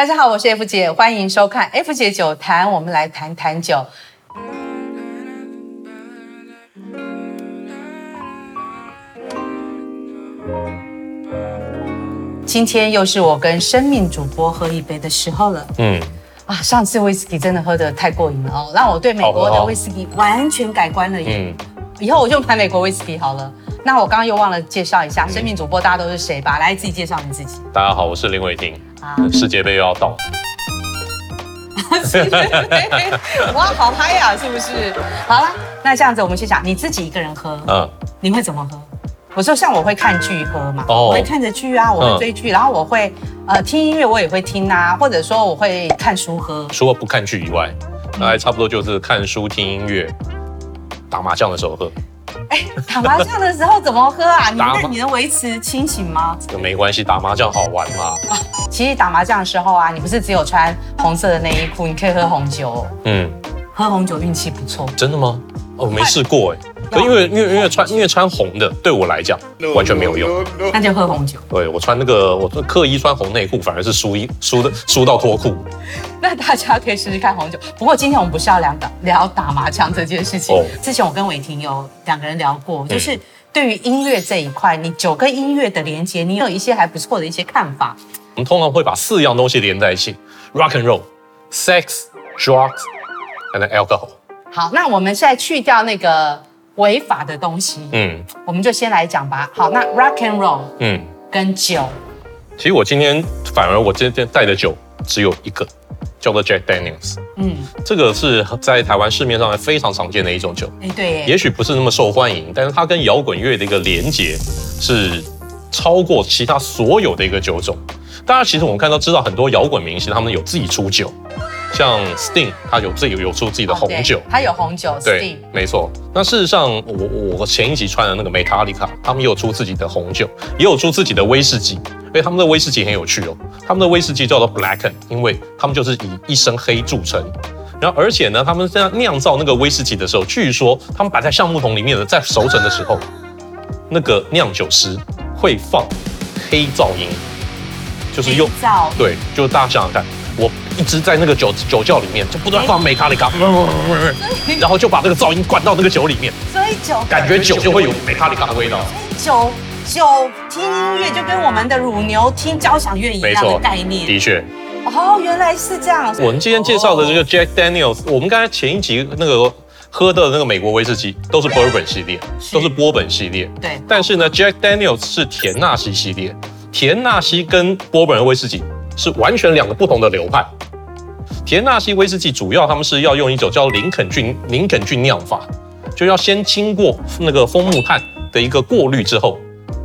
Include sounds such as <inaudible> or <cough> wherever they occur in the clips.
大家好，我是 F 姐，歡迎收看 F 姐酒談。我們來談談酒。今天又是我跟生命主播喝一杯的時候了。嗯。啊，上次威士忌真的喝得太過癮了哦，讓我對美國的威士忌完全改觀了耶。嗯。以後我就談美國威士忌好了。那我剛剛又忘了介紹一下，生命主播大家都是誰吧，嗯？來，自己介紹你自己。大家好，我是林煒珽。啊，嗯，世界杯又要到。 <laughs> <laughs> 哇，好嗨呀，啊，是不是？好了，那這樣子，我們先講你自己一個人喝，嗯，你會怎麼喝？我說像我會看劇喝嘛，哦，我會看着劇啊，我會追劇，嗯，然後我會呃聽音樂，我也會聽啊，或者說我會看書喝。除了不看劇以外，那還差不多就是看書、聽音樂、嗯、打麻將的時候喝。哎， <laughs> 打麻將的時候怎麼喝啊？你你能維持清醒嗎？這個沒關係，打麻將好玩嘛。其實打麻將的時候啊，你不是只有穿紅色的內衣褲，你可以喝紅酒。嗯，喝紅酒運氣不錯。真的嗎？哦，沒試過哎、欸。 <laughs> 因為因為因為穿因為穿紅的對我來講完全沒有用，那就喝紅酒。對我穿那個我刻意穿紅內褲，反而是輸一輸的輸到脫褲。那大家可以試試看紅酒。不過今天我們不是要聊打聊打麻將這件事情。哦。之前我跟煒珽有兩個人聊過，就是對於音樂這一塊，你酒跟音樂的連接，你有一些還不錯的一些看法。我們通常會把四樣東西連在一起：rock and roll，sex，drugs，and alcohol。好，那我們現在去掉那個。違法的東西，嗯，我們就先來講吧。好，那 Rock and Roll，嗯，跟酒。其實我今天反而我今天帶的酒只有一個，叫做 Jack Daniels。嗯，這個是在台灣市面上非常常見的一種酒。哎、欸，對。也許不是那麼受歡迎，但是它跟搖滾樂的一個連接是超過其他所有的一個酒種。但其實我們看到知道很多搖滾明星他們有自己出酒。像 Sting 他有自己有出自己的紅酒，Okay, 他有紅酒。對，沒錯。那事實上，我我前一集穿的那個梅塔利卡，他們也有出自己的紅酒，也有出自己的威士忌。哎，他們的威士忌很有趣哦，他們的威士忌叫做 Blacken，因為他們就是以一身黑著稱。然後而且呢，他們在釀造那個威士忌的時候，據說他們擺在橡木桶裡面的在熟成的時候，那個釀酒師會放黑噪音，就是用黑噪音，對，就大家想想想看。我一直在那個酒酒窖裡面，就不斷放 Metallica、欸，然後就把這個噪音灌到那個酒裡面，所以酒感覺酒就會有 Metallica 的味道。所以酒酒聽音樂就跟我們的乳牛聽交響樂一樣的概念，的確。哦、oh，原來是這樣。我們今天介紹的這個 Jack Daniels，我們剛才前一集那個喝的那個美國威士忌，都是波本系列，都是波本系列。對。但是呢，Jack Daniels 是田納西系列，田納西跟波本的威士忌。是完全兩個不同的流派。田納西威士忌主要他們是要用一種叫林肯郡、林肯郡釀法，就要先經過那個楓木炭的一個過濾之後，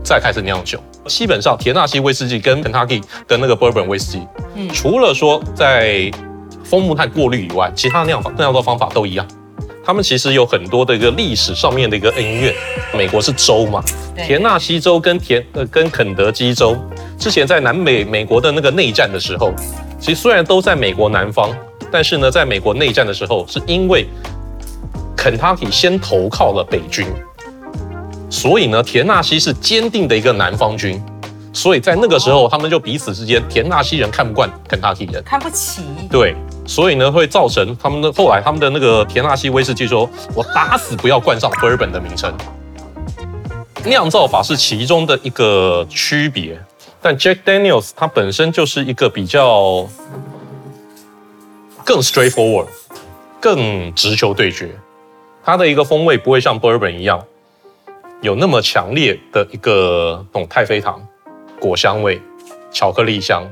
再開始釀酒。基本上田納西威士忌跟肯塔基跟那個 bourbon 威士忌，嗯，除了說在楓木炭過濾以外，其他釀法釀造方法都一樣。他們其實有很多的一個歷史上面的一個恩怨。美國是州嘛，田納西州跟田、呃跟肯德基州。之前在南美美國的那個內戰的時候，其實雖然都在美國南方，但是呢，在美國內戰的時候，是因為肯塔基先投靠了北軍，所以呢，田納西是堅定的一個南方軍，所以在那個時候，他們就彼此之間，田納西人看不慣肯塔基人，看不起，對，所以呢，會造成他們的後來他們的那個田納西威士忌說，我打死不要冠上波本的名稱，釀造法是其中的一個區別。但 Jack Daniels 它本身就是一個比較更 straightforward，更直球對決，它的一個風味不會像 Bourbon 一樣有那麼強烈的一個那種太妃糖果香味、巧克力香。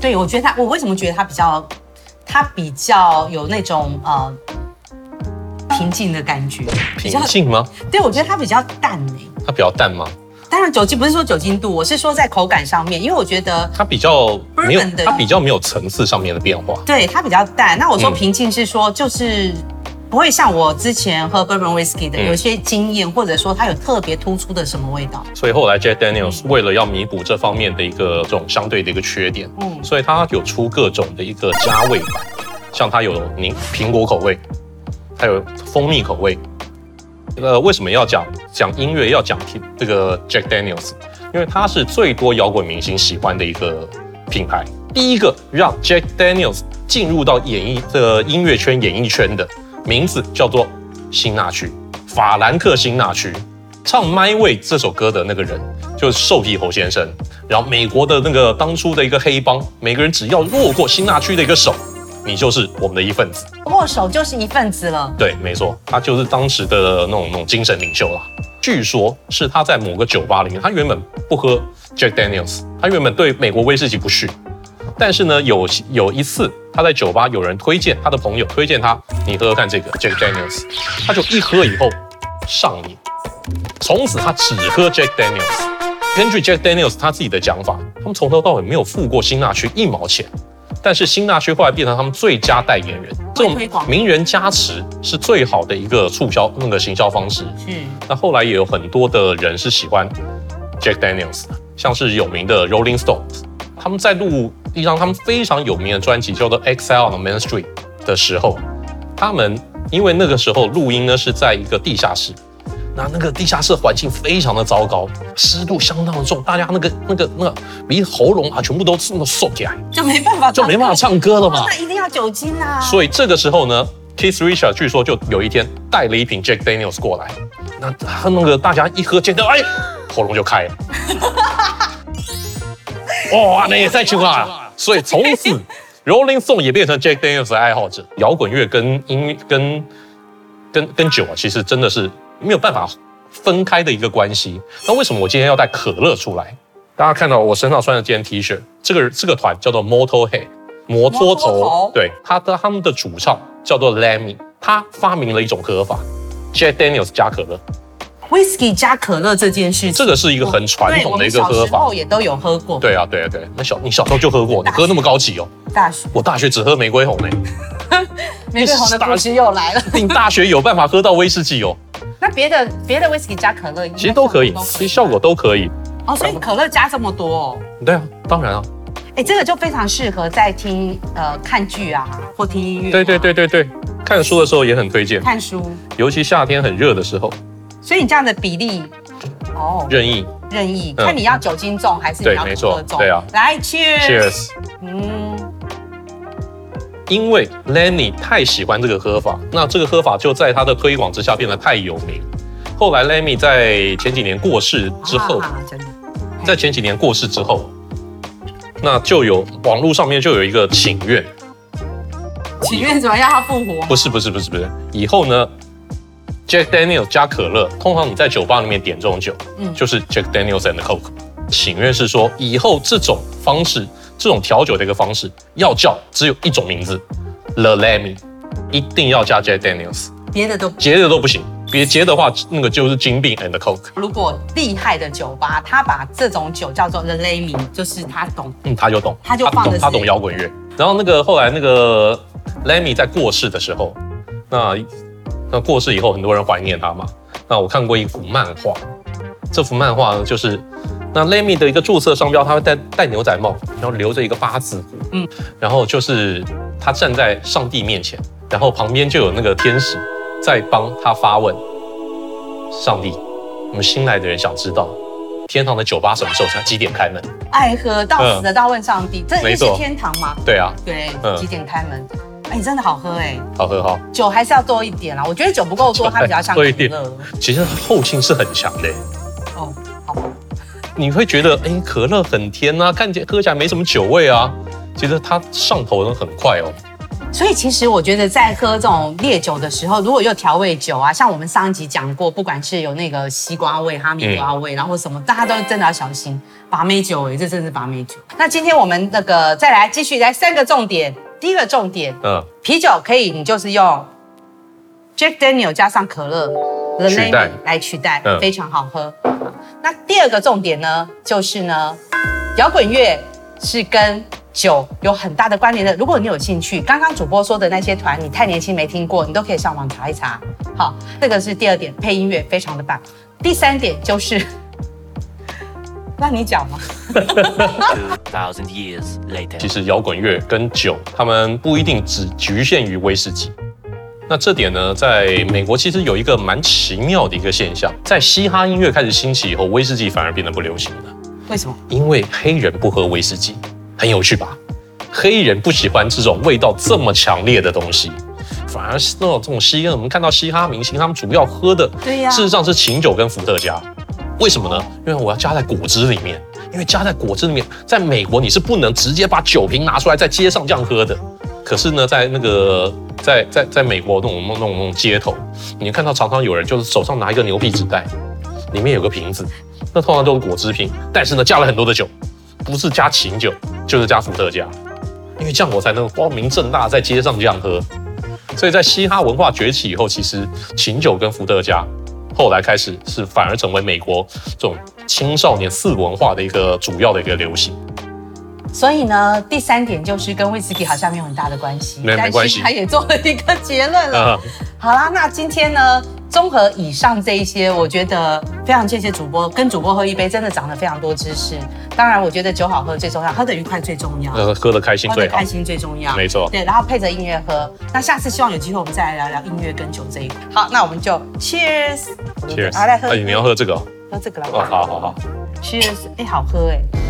對，我覺得它，我為什麼覺得它比較，它比較有那種呃平靜的感覺？平靜嗎？對，我覺得它比較淡誒、欸。它比較淡嗎？當然，酒精不是說酒精度，我是說在口感上面，因為我覺得的它比較沒有，它比較沒有層次上面的變化。對，它比較淡。那我說平靜是說、嗯，就是不會像我之前喝 Bourbon whiskey 的有些經驗、嗯，或者說它有特別突出的什麼味道。所以後來 Jack Daniels 為了要彌補這方面的一個這種相對的一個缺點，嗯，所以他有出各種的一個加味版，像他有檸蘋果口味，還有蜂蜜口味。呃，為什麼要講講音樂？要講這個 Jack Daniels，因為他是最多搖滾明星喜歡的一個品牌。第一個讓 Jack Daniels 進入到演藝這個音樂圈演藝圈的名字叫做辛納屈，法蘭克辛納屈。唱《My Way》這首歌的那個人，就是瘦皮猴先生。然後美國的那個當初的一個黑幫，每個人只要握過辛納屈的一個手。你就是我們的一份子，握手就是一份子了。對，沒錯，他就是當時的那種那種精神領袖啦。據說，是他在某個酒吧裡面，他原本不喝 Jack Daniels，他原本對美國威士忌不熟。但是呢，有有一次他在酒吧，有人推薦他的朋友推薦他，你喝喝看這個 Jack Daniels，他就一喝以後上癮，從此他只喝 Jack Daniels。根據 Jack Daniels 他自己的講法，他們從頭到尾沒有付過辛納屈一毛錢。但是辛納屈後來變成他們最佳代言人，這種名人加持是最好的一個促銷，那個行銷方式。那後來也有很多的人是喜歡 Jack Daniels 的，像是有名的 Rolling Stones，他們在錄一張他們非常有名的專輯叫做《Exile on the Main Street》的時候，他們因為那個時候錄音呢是在一個地下室。那那個地下室環境非常的糟糕，濕度相當的重，大家那個那個那個鼻喉嚨啊，全部都這麼塞起來，就沒辦法，就沒辦法唱歌了嘛。那一定要酒精啊！所以這個時候呢 Keith Richard 據說就有一天帶了一瓶 Jack Daniels 過來，那他那個大家一喝見到，哎，喉嚨就開了，哇，那也太奇怪了！ <laughs> oh, 以啊、 <laughs> 所以從此 <laughs> ，Rolling Stone 也變成 Jack Daniels 的愛好者。搖滾樂跟音樂跟跟跟，跟酒啊，其實真的是。沒有辦法分開的一個關係。那為什麼我今天要帶可樂出來？大家看到我身上穿的這件 T 恤，這個這個團叫做 Motörhead，摩、摩托頭。對，他的他們的主唱叫做 Lemmy，他發明了一種喝法：Jack Daniels 加可樂，Whisky 加可樂這件事情。這個是一個很傳統的一個喝法。小時候也都有喝過。對啊，對啊，對、啊對啊。那小你小時候就喝過，你喝那麼高級哦。大學我大學只喝玫瑰紅呢， <laughs> 玫瑰紅的故事又來了你。你大學有辦法喝到威士忌哦？別的別的威士忌加可樂，其實都可以，其實效果都可以。哦，所以可樂加這麼多哦？對啊，當然啊。哎、欸，這個就非常適合在聽呃看劇啊，或聽音樂、啊。對對對對對，看書的時候也很推薦。看書。尤其夏天很熱的時候。所以你這樣的比例，哦，任意，任意，嗯、看你要酒精重還是你要喝重？對，沒錯，對啊。來，Cheers。Cheers。嗯。因為 Lemmy 太喜歡這個喝法，那這個喝法就在他的推廣之下變得太有名。後來 Lemmy 在前幾年過世之後，在前幾年過世之後，那就有網絡上面就有一個請願，請願怎麼要他復活？不是不是不是不是，以後呢，Jack Daniel 加可樂，通常你在酒吧裡面點這種酒，嗯，就是 Jack Daniel's and the Coke。請願是說以後這種方式。這種調酒的一個方式，要叫只有一種名字，The Lemmy，一定要加 Jack Daniels，別的都別的都不行，別的的話，那個就是金賓 and the coke。如果厲害的酒吧，他把這種酒叫做 The Lemmy，就是他懂，嗯，他就懂，他就放他懂搖滾樂。然後那個後來那個 Lemmy 在過世的時候，那那過世以後，很多人懷念他嘛。那我看過一幅漫畫，這幅漫畫就是。那 Lemmy 的一個註冊商標，他會戴戴牛仔帽，然後留着一個八字，嗯，然後就是他站在上帝面前，然後旁邊就有那個天使在幫他發問。上帝，我們新來的人想知道，天堂的酒吧什麼時候才幾點開門？愛喝到死的都要問上帝，這、嗯、這是天堂嗎？對啊，對、嗯，幾點開門？哎，真的好喝哎、欸，好喝哈，酒還是要多一點啦。我覺得酒不夠多，它比較像多一點其實後勁是很強的、欸。哦，好。你會覺得，哎、欸，可樂很甜啊，看起來喝起來沒什麼酒味啊，其實它上頭的很快哦。所以其實我覺得，在喝這種烈酒的時候，如果有調味酒啊，像我們上一集講過，不管是有那個西瓜味、哈密瓜味，嗯、然後什麼，大家都真的要小心，把妹酒哎、欸，這真的是把妹酒。那今天我們那個再來繼續來三個重點，第一個重點，嗯，啤酒可以，你就是用 Jack Daniel 加上可樂，取來取代、嗯，非常好喝。那第二個重點呢，就是呢，搖滾樂是跟酒有很大的關聯的。如果你有興趣，剛剛主播說的那些團，你太年輕沒聽過，你都可以上網查一查。好，這個是第二點，配音樂非常的棒。第三點就是，那你講嗎？ <laughs> 其實搖滾樂跟酒，他們不一定只局限於威士忌。那這點呢，在美國其實有一個蠻奇妙的一個現象，在嘻哈音樂開始興起以後，威士忌反而變得不流行了。為什麼？因為黑人不喝威士忌，很有趣吧？黑人不喜歡這種味道這麼強烈的東西，反而是那種這種嘻哈，我們看到嘻哈明星他們主要喝的，對呀，事實上是琴酒跟伏特加。為什麼呢？因為我要加在果汁裡面，因為加在果汁裡面，在美國你是不能直接把酒瓶拿出來在街上這樣喝的。可是呢，在那個在在在美國那種那種那種，那種街頭，你看到常常有人就是手上拿一個牛皮紙袋，裡面有個瓶子，那通常都是果汁瓶，但是呢，加了很多的酒，不是加琴酒就是加伏特加，因為這樣我才能光明正大在街上這樣喝。所以在嘻哈文化崛起以後，其實琴酒跟伏特加後來開始是反而成為美國這種青少年次文化的一個主要的一個流行。所以呢，第三點就是跟威士忌好像沒有很大的關係，沒沒關係，關係他也做了一個結論了、啊。好啦，那今天呢，綜合以上這一些，我覺得非常謝謝主播，跟主播喝一杯真的長了非常多知識。當然，我覺得酒好喝最重要，喝的愉快最重要，喝喝的開心最好，喝的開心最重要，沒錯。對，然後配着音樂喝，那下次希望有機會我們再來聊聊音樂跟酒這一、個、好，那我們就 cheers，cheers，Cheers、啊、來喝、欸，你要喝這個、哦，喝這個啦、哦，好好好，cheers，哎、欸，好喝哎、欸。